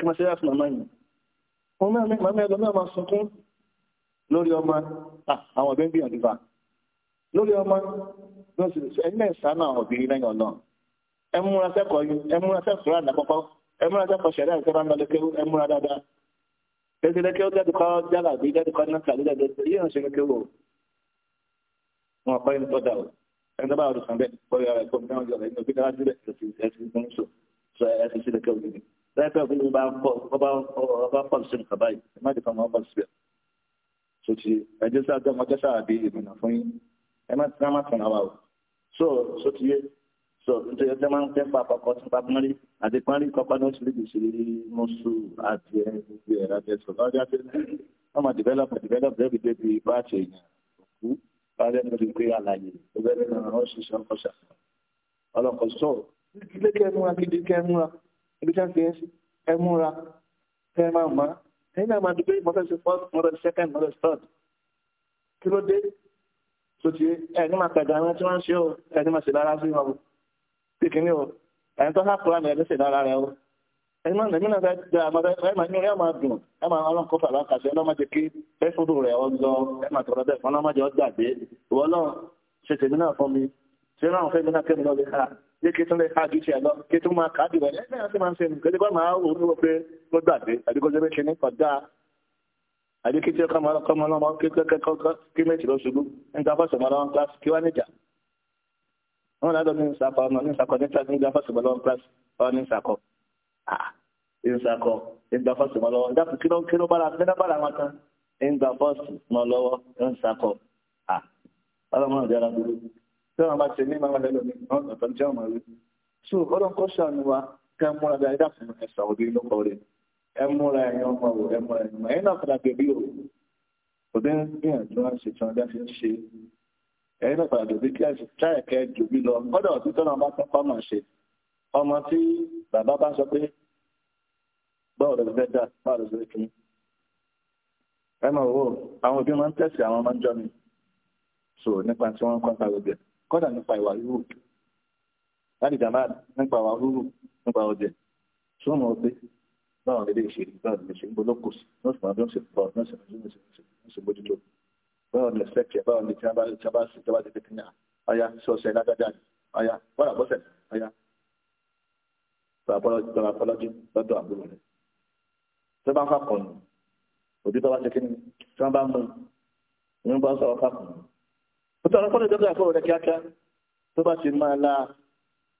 kò màmá mi. mo máa sunkún lórí ọmọ àwọn ọ̀bẹ ń gbìyànjú bá lórí ọmọ ẹni náà sànà àwọn obìnrin lẹ́yìn ọ̀nà ẹ múra sẹ́kọ̀ọ́ yìí ẹ múra sẹ́kọ̀ọ́ àná kọ́kọ́ ẹ múra sẹ́kọ̀ọ́ ṣẹ̀dá ìṣẹ́ bá ń lọ lékeu ẹ múra dáadáa lẹ́sẹ̀ lékeu dẹ́dù kọ́ jálà bí dẹ́dù kọ́ náà kàlí dẹ́dù yíyan ṣe lékeu o wọn kọ́ ẹni tó dà o ẹni tó bá wà lùsàn bẹ́ẹ̀ kọ́ yọrọ ẹ̀kọ́ mi náà yọrọ ẹni òbí dára sílẹ̀ ẹ̀sìn ẹ̀sìn fún sọ sọ ẹ̀sìn sí lékeu yìí lẹ́pẹ́ òbí mi bá ń pọ̀ ọ so ti ẹjẹ sá dọ́mọ jẹ́ sáà bí ìmọ̀nà fún yín ẹ má tẹ́ má tàn àwa o so so so nítorí ẹjẹ máa ń tẹ́ pa kọ́kọ́ tí pápánrí àti pánrí kọ́kọ́ ní oṣù lẹ́gbẹ̀ẹ́ sí mọ́ṣú àti ẹgbẹ́ ẹ̀rọ àti ẹ̀sọ́ lọ́jọ́ àti wọ́n máa develop develop lẹ́bi débi bá àti èèyàn òkú báyọ̀ lórí pé àlàyé ó bẹ́ẹ̀ ní àwọn òṣìṣẹ́ ọkọ̀ ṣàfihàn ọlọ́kọ̀ sọ ilé kẹ́ múra gidi kẹ́ múra ibi tí fi ẹ múra kẹ́ máa máa ẹ̀yin náà máa dúpẹ́ mo fẹ́ ṣe first mo ṣe second mo fẹ́ ṣe third kí ló dé tó ti ẹni máa tẹ̀gà ẹni tí wọ́n ń ṣe o ẹni máa ṣe lára sí wọn o pé kínní o ẹni tó sáfù rẹ̀ ẹni ṣe lára rẹ̀ o ẹni náà ẹni náà fẹ́ gba ọmọ rẹ̀ ẹ máa ní ẹ máa dùn ẹ máa ọlọ́run kó fàlà kàṣẹ ẹ lọ́mọdé kí ẹ fúdù rẹ̀ ọ lọ ẹ máa tọ̀rọ̀ bẹ́ẹ̀ fún ọlọ́mọdé ọ gbàgbé ìwọ náà ṣe tèmi náà fún mi ṣé ráhùn fẹ́ gbọ́nà kẹ́mi lọ lè ha yé kí tún lè ha jíjẹ lọ kí tún máa kà á dìbò ẹ̀ náà ṣe máa ń ṣe nǹkan kẹ́tẹ́kọ́ máa wò ó pé ló gbàgbé àbí kó jẹ́ méṣe ní kọjá àbí kí tí ó kọ́ máa lọ́kọ́ máa lọ́mọ kí méjì ló ṣubú nígbà fọ́sọ̀ máa lọ́wọ́ kíláàsì kí wá níjà wọn lọ́dọ̀ ní ìsakọ ọmọ ní ìsakọ níta nígbà fọ́sọ̀ máa lọ́wọ́ kíláàsì ọ̀ọ́ ní ìsakọ ìsakọ nígbà fọ́sọ̀ máa lọ́wọ́ dákùn kí ló kí ló bára kí ló bára wọn kan nígbà fọ́sọ̀ máa lọ́wọ́ ń sakọ ọlọ́mọ tí wọ́n bá ṣe ní máa lẹ́lọ ní ọ̀nà tó ń jẹ́ ọmọ rẹ̀ so ọlọ́run kọ́ ṣàánú wa kẹ́ ẹ múra dáadáa fún ẹ sàwọ́dí lọ́kọ rẹ̀ ẹ múra ẹ̀yàn ọmọ rẹ̀ ẹ múra ẹ̀yàn ọmọ ẹ̀yìn náà padà bèbí o òbí ń gbìyànjú wá ṣe tí wọ́n dá fi ń ṣe ẹ̀yìn náà padà bèbí kí ẹ̀sìn táyà kẹ́ jù bí lọ kọ́dọ̀ tí tọ́nà bá tún kọ́ máa ṣe ọmọ tí bàbá bá sọ pé báwo ló fẹ́ dà báwo ló fẹ́ kí ẹ máa wò àwọn òbí máa ń tẹ̀sí àwọn ọmọ jọ mi so nípa tí wọ́n ń kọ́ńtà gbogbo kọ́dà nípa ìwà rúrù láti jàmbá nípa ìwà rúrù nípa ọ̀jẹ̀ sọ́mọ ọgbẹ́ báwọn lè ṣe báwọn lè ṣe ń gbọ́dọ̀ kò sí wọ́n sì máa bí wọ́n ṣe pọ̀ wọ́n sì máa bí wọ́n ṣe bójútó báwọn lè fẹ́ kẹ́ báwọn lè tí wọ́n bá ṣe tí wọ́n bá ti tẹ́tí ní àyà sọ́ọ̀ṣẹ́ lágbájá ni àyà wọ́n àbọ̀ṣẹ̀ àyà tọ́lá fọlọ́jú lọ́dọ̀ àbúrò rẹ̀ tó bá fàkọ̀nù òbí tó bá ṣe kí tí wọ́n bá mú un ìyẹn bá sọ̀rọ̀ fàkọ̀nù tọ́tọ́ ọ̀rọ̀ kọ́lẹ̀ dọ́kítà fún ọ̀rẹ́ kíákíá tó bá ti máa la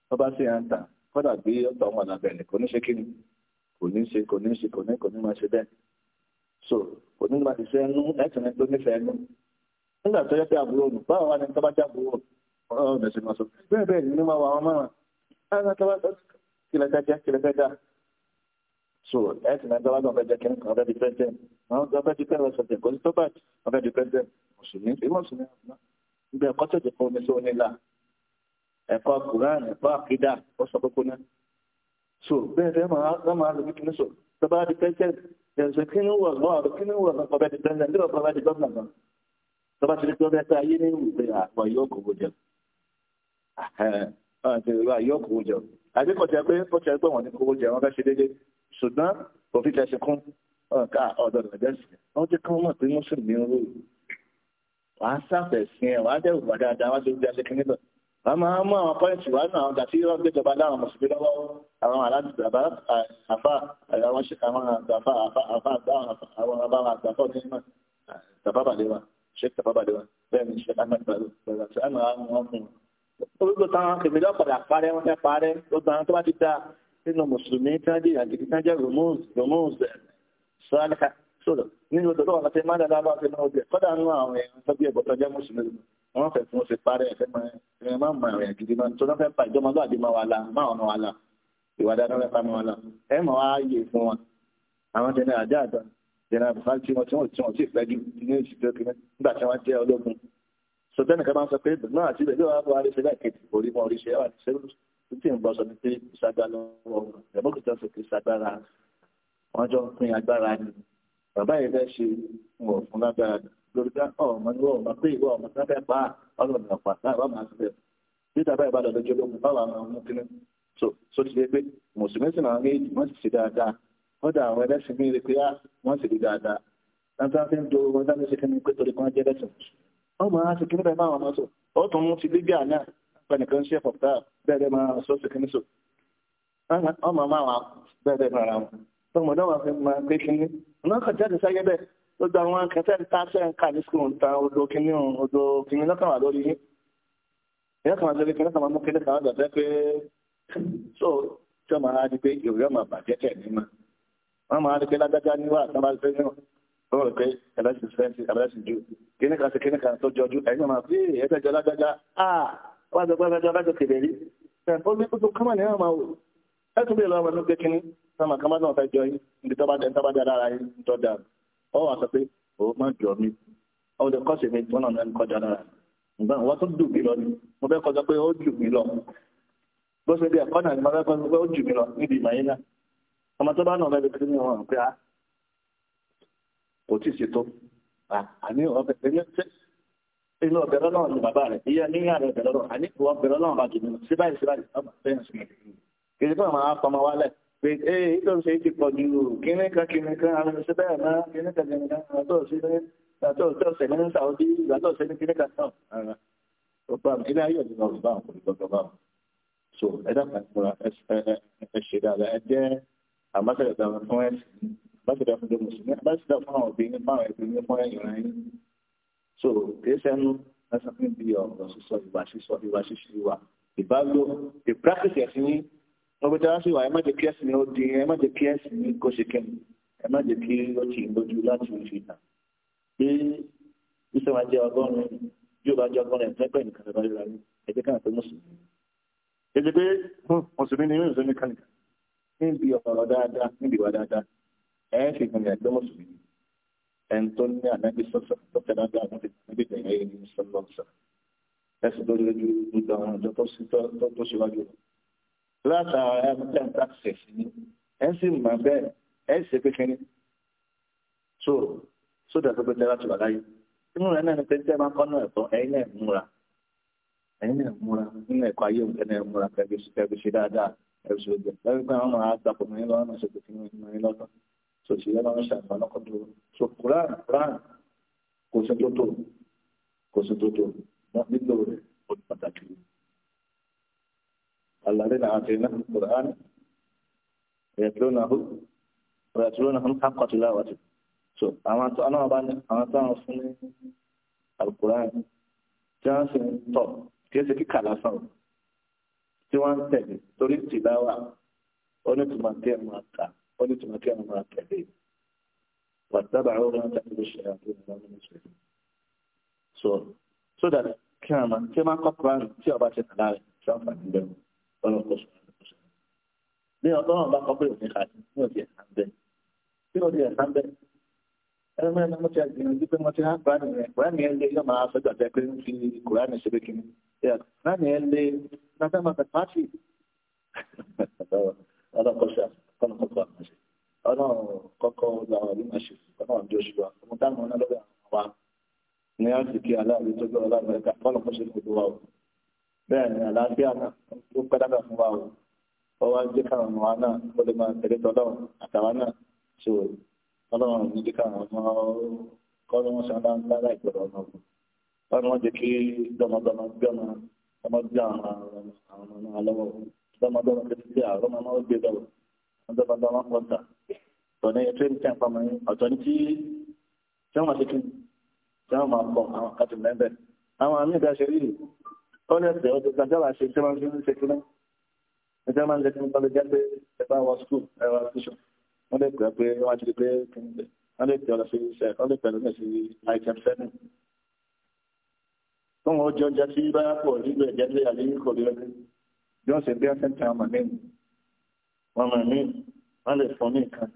tó bá ṣe àǹtà kọ́dà gbé ọ̀tọ̀ ọmọ làbẹ̀ ni kò ní ṣe kí ni kò ní ṣe kò ní ṣe kò ní kò ní máa ṣe bẹ́ẹ̀ so kò ní máa ti ṣe ẹnu ẹ̀sìn ẹni tó nífẹ̀ẹ́ ẹnu nígbà tó yẹ pé àbúrò nù báwo wá ni tó bá já àbúrò ọ̀rọ̀ ọ̀dẹ̀ ṣe máa sọ bẹ́ẹ̀ bẹ́ẹ̀ ni máa wà wọn mọ́ra ẹ̀ka tó bá tó kílẹ̀ fẹ́ jẹ́ kílẹ̀ fẹ́ dá so ẹ̀sìn ẹni tó bá tó fẹ́ jẹ́ kí nǹkan ọ̀fẹ́ di president àwọn di president kò sí tó bá ọ̀fẹ́ di president mùsùlùmí ìmọ̀ mùsùlùmí gbogbo ẹ̀kọ́ tó jẹ́ fún mi tó nílà ẹ̀kọ́ Quran ẹ̀kọ́ àkídà ó sọ kókó náà so bẹ́ẹ̀ bẹ́ẹ̀ máa máa lò nítorí so bàbá di president ẹ̀sẹ̀ kí ni wọ̀ lọ́wọ́ àbí kí ni wọ̀ lọ́wọ́ bàbá di president nígbà bàbá di governor náà bàbá ti di governor tá ayé ní ìwé àpò yóò kówó jẹ yóò kówó jẹ àbí kò tẹ́ pé kò tẹ́ pé wọ́n ní kówó jẹ wọ́n fẹ́ ṣe déédéé ṣùgbọ́n òfin tẹ̀sí kún ọ̀ká ọ̀dọ̀ nàìjẹ́sì wọ́n ti kọ́ mọ̀ pé mùsùlùmí ń rú wàá sàfẹ̀sìn ẹ̀ wàá dẹ̀ wà dáadáa wàá dẹ̀ wà lẹ́kẹ́ níbẹ̀ wàá máa mú àwọn pọ́ìntì wàá nù àwọn gàtí yóò gbé jọba láwọn mùsùlùmí lọ́wọ́ àwọn aládùúgbà àfà àwọn àgbàfà àfà àfà àwọn àbáwọn àgbàfà ní ìmọ̀ tàbábàlẹ́wà ṣé tàbábàlẹ́wà bẹ́ẹ̀ ni ṣe àmọ́ ìgbàlú pẹ̀lú àti àmọ́ àwọn ọmọ orúkọ táwọn kèmílì ọ̀pọ̀dà parẹ́ wọ́n fẹ́ parẹ́ gbogbo àwọn tó bá ti dáa nínú mùsùlùmí tí wọ́n jẹ́ ìyàgídí tí wọ́n jẹ́ rùmúùsì rùmúùsì sọ́ọ́lẹ́ka sọ̀rọ̀ nínú ọ̀dọ̀ àwọn àti mádàlá bá fi náà bẹ̀ kọ́dà nínú àwọn èèyàn tó bí ẹ̀bọ̀ tó jẹ́ mùsùlùmí wọ́n fẹ́ fún ọ̀sẹ̀ parẹ́ ẹ̀fẹ́ máa mọ àwọn èèyàn gidi náà tó náà fẹ́ pa ìjọba lọ́wọ́ àdìmọ́ wa la máa ọ̀nà wa la ìwà dáadáa fẹ́ pa mọ́ wa la ẹ mọ̀ wá yè e fún wọn àwọn jẹ́nà àjẹ́ àjọ jẹ́nà àbùfá tí wọ́n tí wọ́n tí wọ́n ti fẹ́ ju ní oṣù tó kí nígbà tí wọ́n jẹ́ ológun sọtẹ́nì kan jọ ń agbára ni bàbá yìí fẹ́ ṣe wọ̀ fún lágbára lórí ká ọmọ ní ọmọ pé ìwọ ọmọ sábẹ́ pa ọlọ́run ọ̀pá láàbá máa ti bẹ̀ bí tàbá yìí bá dọ̀dọ̀ jẹ́ báwa máa mú kíní so so ti ṣe pé mùsùlùmí sì máa ń rí wọ́n sì ṣe dáadáa kódà àwọn ẹlẹ́sìn mi rí pé á ah, wọ́n sì rí dáadáa dáadáa fi ń do wọn dáná sí kíní pé torí kan jẹ́ lẹ́sìn ọmọ á sì kíní bẹ́ẹ̀ máa wọn sọ ó ṣe fọ̀tà tọmọdé wọn fi máa gbé kínní ọ̀nà kan jáde sáyé bẹ́ẹ̀ gbogbo àwọn akẹ́kẹ́ ń ta ṣẹ́ ń kà ní sukùl ń ta odò kínní odò kínní lọ́kàn wà lórí yín ìyá kan máa lórí kínní kan máa mú kínní kan wà gbàgbé pé so tí wọn máa di pé ìròyìn ọmọ àbàjẹ́ tẹ̀ ní ma wọn máa di pé lágbájá ní wà sábà pé ní wọn rò pé ẹlẹ́sìn fẹ́ǹsì ẹlẹ́sìn ju kínní kan sí kínní kan tó jọjú ẹ̀yin máa fi ẹ̀ẹ́dẹ́jọ lágbájá ah wọ́n á sọ pé ẹ̀ẹ́dẹ́jọ lágbájá kèdè rí ẹ̀ sọmọ kan bá sọmọ fẹ́ jọ yín níbi tó bá dé tó bá dé alára yín tó dà ọ wà sọ pé òun má jọ mi ọdẹ kọ́sì mi tó náà ń kọjá lára nígbà wọn tó dùn mí lọ ni mo fẹ́ kọjá pé ó jù mí lọ bó ṣe bí ẹ̀kọ́ náà ni mo fẹ́ kọjá pé ó jù mí lọ níbi ìmọ̀ yín náà ọmọ tó bá náà ah, ah, fẹ́ bẹ̀rẹ̀ ní ọmọ pé a kò tí ṣètò àní ọbẹ̀ inú ọbẹ̀ lọ́nà ni bàbá rẹ̀ iye níyà rẹ̀ bẹ̀rẹ̀ lọ́nà àní ìwọ bẹ̀rẹ̀ lọ́nà bá jù mí lọ síbáyìí síbáyìí ọmọ bẹ́ẹ̀ pé ee ìtọ́ ṣe ti pọ̀ ju kíní kan kíní kan àwọn ẹni ṣe bẹ́ẹ̀ náà kíní kan kíní kan àtọ̀ ṣe ní àtọ̀ ṣe ọ̀sẹ̀ ní sàwọ́dí ìgbàtọ̀ ṣe ní kíní so ẹ dábàá ìmúra ẹ ṣe dáadáa ẹ jẹ́ àmásẹ̀dá fún ẹ̀sìn àmásẹ̀dá fún mùsùlùmí àmásẹ̀dá fún àwọn òbí nípa àwọn so kì í sẹ́nu lásán fún ibi ọ̀rọ̀ sísọ ìwà sísọ ìwà ṣíṣe ọgbẹ́ tí a sì wà ẹ má jẹ́ kí ẹ̀sìn ni ó di ẹ má jẹ́ kí ẹ̀sìn ni kò ṣe kẹ́mi ẹ má jẹ́ kí ó ti lójú láti fi hàn pé bísí wa jẹ́ ọgọ́rùn-ún yóò bá jẹ́ ọgọ́rùn-ún ẹ̀fẹ́ pẹ̀lú nìkan tó lọ́ra ẹ jẹ́ káàpẹ́ mùsùlùmí. èdè pé mùsùlùmí ni yóò mùsùlùmí kan nìkan níbi ọ̀rọ̀ dáadáa níbi ìwà dáadáa ẹ̀ fi hàn yà gbé mùsùlùmí ẹn tó ní ànágbé sọ̀sọ̀ tó fẹ́ dáadáa àti ànágbé tẹ̀yẹ́ yìí ní sọ́lọ́sọ̀ ẹ̀sìn lórí ojú gbogbo àwọn ọjọ́ tó látara ẹgbẹ́ taxes ni ẹ sì mọ̀ bẹ́ẹ̀ ẹ sì pé kínní so sódà tó gbẹdẹ láti wà láyé inú rẹ náà ni pé tẹ́ máa kọ́nà ẹ̀tọ́ ẹ̀yin náà múra ẹ̀yin náà múra nínú ẹ̀kọ́ ayé òun tẹ́lẹ̀ múra kẹ́bí kẹ́bí ṣe dáadáa ẹ̀rù ṣe gbẹ lẹ́yìn pé àwọn máa gbapò mí lọ́wọ́ náà ṣe kò fi mí mí lọ́tọ̀ so sì yẹ lọ́wọ́ ṣàǹfà lọ́kọ̀ tó so Quran Quran kò sí tó tó kò sí tó tó wọn nílò rẹ̀ ó pàtàkì الذين آتيناهم القرآن يتلونه ويتلونه حق تلاوته so àwọn tó àwọn bá ní àwọn tó àwọn fún ní alukuran tí wọ́n sì ń tọ̀ kí ó ṣe kíkà lásán tí wọ́n ń tẹ̀lé torí tìláwà onítùmọ̀ tí ẹ máa kà onítùmọ̀ tí ẹ máa tẹ̀lé wàtábà ó máa tẹ̀lé bó ṣe àti ìlànà so so that kí àwọn tí wọ́n kọ́ kuran tí ọba ti nà láàrin ọlọ́run kò sọ̀rọ̀ kò sọ̀rọ̀ ní ọlọ́run bá kọ́ pé òfin kà sí ní òfin ẹ̀sán bẹ́ẹ̀ tí ó di ẹ̀sán bẹ́ẹ̀ ẹ̀rọ mẹ́rin mo ti àgbìyànjú pé mo ti há kúránì rẹ̀ kúránì ẹ̀ lé yóò máa fẹ́ gbàgbé pé ń fi kúránì ṣe pé kíní kúránì ẹ̀ lé nàdàmàtà pàtì ọlọ́run kò sọ̀rọ̀ ọlọ́run kò sọ̀rọ̀ ọlọ́run kọ́kọ́ ọ̀dọ̀ àwọn ọ̀dọ́ máa ṣe ọlọ́run jọ ṣùgbọ́n ọmọ táwọn ọ̀nà lọ́dọ̀ àwọn wa ní àsìkò aláàbí tó gbọ́ ọlọ́run ẹ̀ka ọlọ́run kò ṣe gbogbo wa o bẹ́ẹ̀ ni àlàáfíà náà ó kádàkà fún wa o ó wá jẹ́ káwọn ọmọ wa náà ó lè máa tẹ̀lé tọ́lọ́run àtàwa náà ṣe o ọlọ́run ní jẹ́ káwọn ọmọ kọ́ ló wọ́n ṣáná ńlá láìpẹ̀rẹ̀ ọmọ ọ̀gbìn wọ́n wọ́n jẹ́ kí dọ́mọdọ́mọ gbé ọmọ ọmọ gbé àwọn ọmọ alọ́wọ́ dọ́mọdọ́mọ tẹ́tí sí àárọ̀ ọmọ ọmọ gbé dọ́wọ́ dọ́mọdọ́mọ pọ̀ta tọ́ni ẹ̀ tẹ́lẹ̀ tẹ́ àpamọ́ yín ọ̀tọ̀ ní tí tí wọ́n máa ṣe kí tí wọ́n máa pọ̀ àwọn kàtìmẹ́bẹ̀ àwọn àmì ìdáṣẹ́rí honestly ọdún kan jábà ṣe ṣe máa ń ṣe kí náà ẹjẹ máa ń ṣe kí nípa lè jẹ pé ẹ bá wọ skul ẹ wá tíṣọ wọn lè pè é pé wọn ti di pé kìnìún wọn lè pè ọ lọ sí iṣẹ wọn lè pè ọ lọ sí item seven wọn wọn jẹ ọjà sí báyà pọ nílò ẹjẹ lé àlẹ yìí kò lè rí bí ṣe bí ẹsẹ ti àwọn màmí wọn màmí wọn lè fún ní nǹkan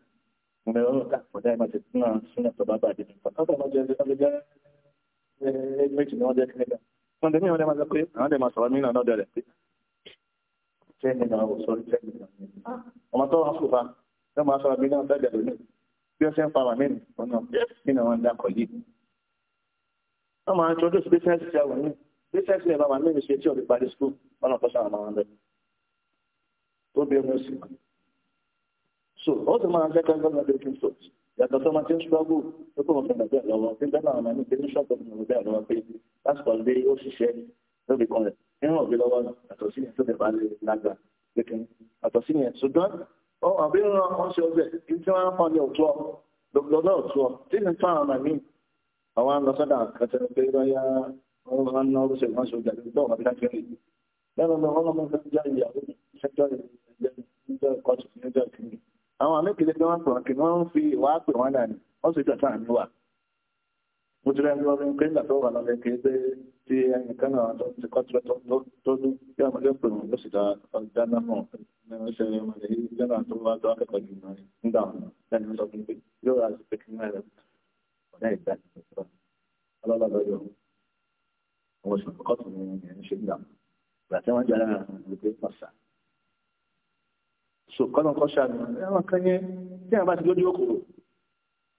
ìmọ̀ ẹ̀rọ ká kọjá ẹ̀ máa ti náà sínú ẹ̀tọ́ bàbá àdìmọ̀ ọ̀tọ̀ máa jẹ ẹgbẹ́ méjì ni wọ́n jẹ́ kíníkà wọ́n tẹ̀mí àwọn ẹ̀dẹ̀mọ̀ sọ pé àwọn ẹ̀dẹ̀mọ̀ sọ̀rọ̀ mí náà lọ́dọ̀ rẹ̀ pé tẹ́ni náà ò sọ́rí tẹ́ni náà ọmọ tó wọn fòfà lọ́mọ sọ̀rọ̀ mí náà lọ́dọ̀ rẹ̀ bí ó ṣe ń pa wàmí ọ̀nà mí náà wọ́n dákọ̀ yìí wọ́n máa ń tọ́jú sí business ṣe àwọn mí business ní ìbámu àmì ìṣe tí ọ̀dẹ̀ parí school ọ̀nà kọ́ṣà àwọn ọmọ rẹ̀ tó bí ọmọ sí so ó sì máa ń fẹ́ kọ́ yàtọ̀ sọ́mọ tí ń ṣọ́gbù tó kò wọ́n fẹ̀mẹ̀ bẹ́ẹ̀ lọ́wọ́ pé bẹ́ẹ̀ làwọn ẹni pé ní ṣọ́ọ̀bù ọ̀gbìn bẹ́ẹ̀ lọ́wọ́ pé lásìkò ọ̀dé ó ṣiṣẹ́ lóbi kan rẹ̀ nínú ọ̀gbìn lọ́wọ́ yàtọ̀ sí yẹn tó lè bá lè lágbà lẹ́kìn yàtọ̀ sí yẹn ṣùgbọ́n ọ̀bí ń ran ọ̀ṣẹ́ ọbẹ̀ kí tí wọ́n fọ́n ní òtúọ̀ lọ́nà òtúọ̀ tí ní tún àwọn àmì àwọn lọ́sọ̀dà kẹtẹ pé lọ́yà wọn ná ọ̀ṣẹ́ wọn ṣe ọjà lọ́wọ́ ọ̀bí láti rí lẹ́nu ọmọ ọlọ́mọ fẹ́ jẹ́ ìyàwó ìṣẹ́jọ́ ìjẹ́ ìjẹ́ ìkọ́tù ìjẹ́ ìkìlì àwọn amẹ́kẹ̀lẹ́ tí wọ́n sọ̀rọ̀ kí wọ́n fi wàá pè wọ́n dàní wọ́n sì gbà sáà níwà mo ti rẹ́ni lọ́rin pé nígbà tó wà lọ́rin kì pé tí ẹnìkan náà tó ti kọ́ tirẹ̀ tó ní bí ọmọ ilé pè wọ́n ló sì dáná mọ̀ nínú iṣẹ́ wọn lè yí lọ́nà tó wá tó akẹ́kọ̀ọ́ jù nígbà wọn lẹ́nu sọ ṣùkọ́nà kọ́ ṣàmì ẹ̀rọ kan yẹn tí a bá ti lójú òkòrò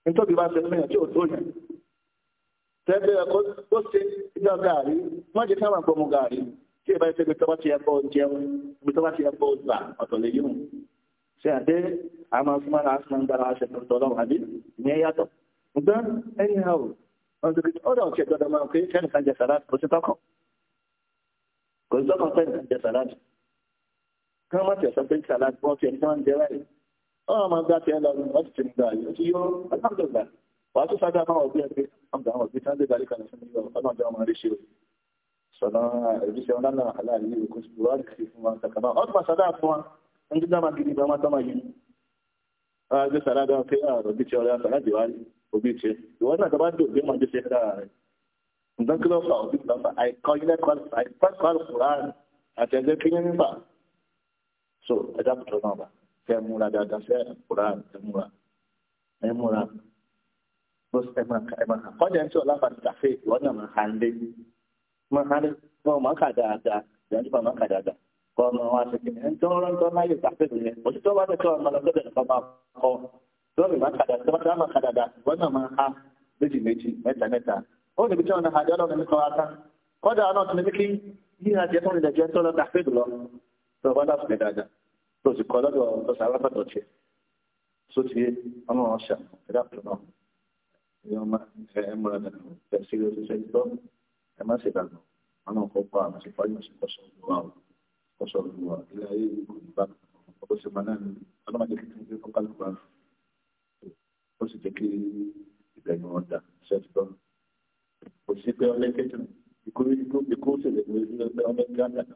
nítorí bá ṣe fún yàn tí ò tó yàn tẹ́gbẹ́ ẹ̀kọ́ ó ṣe ìjọ gàárì wọ́n jẹ́ káwọn àgbọ̀mù gàárì tí ìbá ṣe ibi tó bá ti ẹbọ jẹun ibi tó bá ti ẹbọ gbà ọ̀tọ̀ lè yíwọ̀n ṣe àdé àmọ́ súnmọ́ra àṣìmọ́ ń dára aṣẹ tuntun ọlọ́run àbí ìyẹn yàtọ̀ ṣùgbọ́n ẹni hà ó ọ̀dọ̀ ọ̀kẹ́ gbọ́dọ̀ máa ń pé kẹ́nìkan jẹ sàláàtì kò sí tọ́kọ̀ kò sí kí wọ́n má tẹ̀ sọ pé kàlá gbọ́ tiẹ̀ ní wọ́n ń jẹ báyìí wọ́n máa gbá tiẹ̀ lọ wọ́n ti tún gbà yóò ti yọ alámọ̀dọ̀gbà wàá tún sáájú àwọn ọ̀gbìn ẹgbẹ́ ọ̀gbìn àwọn ọ̀gbìn tí wọ́n dé balẹ̀ kalẹ̀ fún mi ọlọ́run jẹ́ ọmọ rẹ̀ ṣe o sọ̀nà ìrísẹ̀ wọn lánàá aláàlú yìí kò sí wàá kì í fún wọn kàkàmá ọdún máa sàdá fún wọn ń dídá máa gidi gan máa tọ́ máa yìí wọ́n á gbé sàdá gan pé àrò bí tiẹ̀ so ẹ dákòtò náà bá kẹ múra dáadáa fẹ kúrà ẹ múra ẹ múra bó ẹ máa ka ẹ máa ka kọjá ẹni tí ọlá fà tàfé ìwọ náà máa hàn lé máa hàn lé wọn máa kà dáadáa ìdájọba máa kà dáadáa kọ ọmọ wa ṣe kìnnìún ẹni tó ń rán tó láyè tàfé nìyẹn òtítọ́ wa tẹ̀ tó ọmọ lọ́gbẹ́dẹ̀ nìkan máa kọ lórí máa kà dáadáa tó bá máa kà dáadáa ìwọ náà máa ha méjì méjì mẹ́ta mẹ́ta ó níbi tí wọn náà tó bá dà sílẹ̀ dáadáa tó sì kọ́ lọ́dọ̀ tó sàrà fẹ́ tọ̀tì tó ti ọmọ wọn ṣà ẹ̀dá pẹ̀lú náà ẹ̀yọ́ ọmọ ẹ̀ múra dànù tẹ̀sí ló ti ṣe gbọ́ ẹ̀ má ṣe dànù ọmọ nǹkan pa àwọn àṣepọ̀ yóò ṣe kọ́sọ̀ olúwa kọ́sọ̀ olúwa ilé ayé ìlú ìbá ó sì máa náà ọlọ́mọdé kékeré kọ́kálùkù ó sì jẹ́ kí ìgbẹ̀yìn wọn dà ṣẹ́ẹ̀tì gbọ́ kò sí